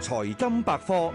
財金百科，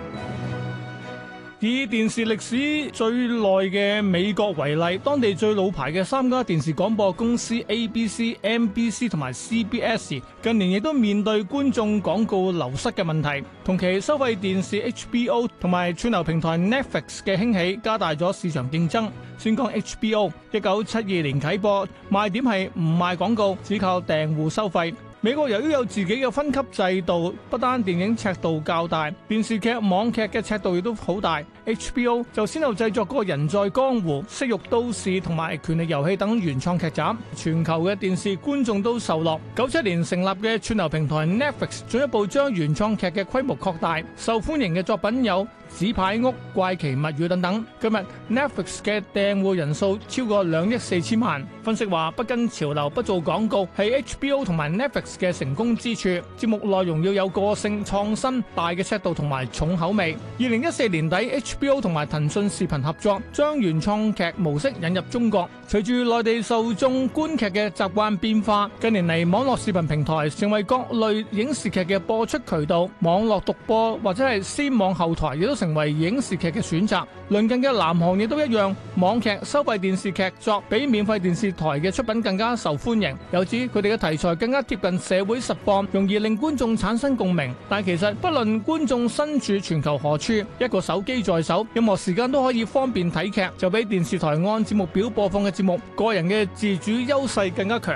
以電視歷史最耐嘅美國為例，當地最老牌嘅三家電視廣播公司 ABC、NBC 同埋 CBS 近年亦都面對觀眾廣告流失嘅問題，同期收費電視 HBO 同埋串流平台 Netflix 嘅興起，加大咗市場競爭。先講 HBO，一九七二年啟播，賣點係唔賣廣告，只靠訂戶收費。美國由於有自己嘅分級制度，不單電影尺度較大，電視劇、網劇嘅尺度亦都好大。HBO 就先後製作《個人在江湖》、《色慾都市》同埋《權力遊戲》等原創劇集，全球嘅電視觀眾都受落。九七年成立嘅串流平台 Netflix 進一步將原創劇嘅規模擴大，受歡迎嘅作品有《紙牌屋》、《怪奇物語》等等。今日 Netflix 嘅訂戶人數超過兩億四千萬，分析話不跟潮流、不做廣告係 HBO 同埋 Netflix 嘅成功之處，節目內容要有個性、創新、大嘅尺度同埋重口味。二零一四年底，HBO 同埋騰訊視頻合作，將原創劇模式引入中國，隨住內地受眾觀劇嘅習慣變化，近年嚟網絡視頻平台成為各類影視劇嘅播出渠道，網絡獨播或者係先網後台亦都成為影視劇嘅選擇。鄰近嘅南韓亦都一樣，網劇、收費電視劇作比免費電視台嘅出品更加受歡迎。有指佢哋嘅題材更加接近。社會實況容易令觀眾產生共鳴，但其實，不論觀眾身處全球何處，一個手機在手，任何時間都可以方便睇劇，就比電視台按節目表播放嘅節目，個人嘅自主優勢更加強。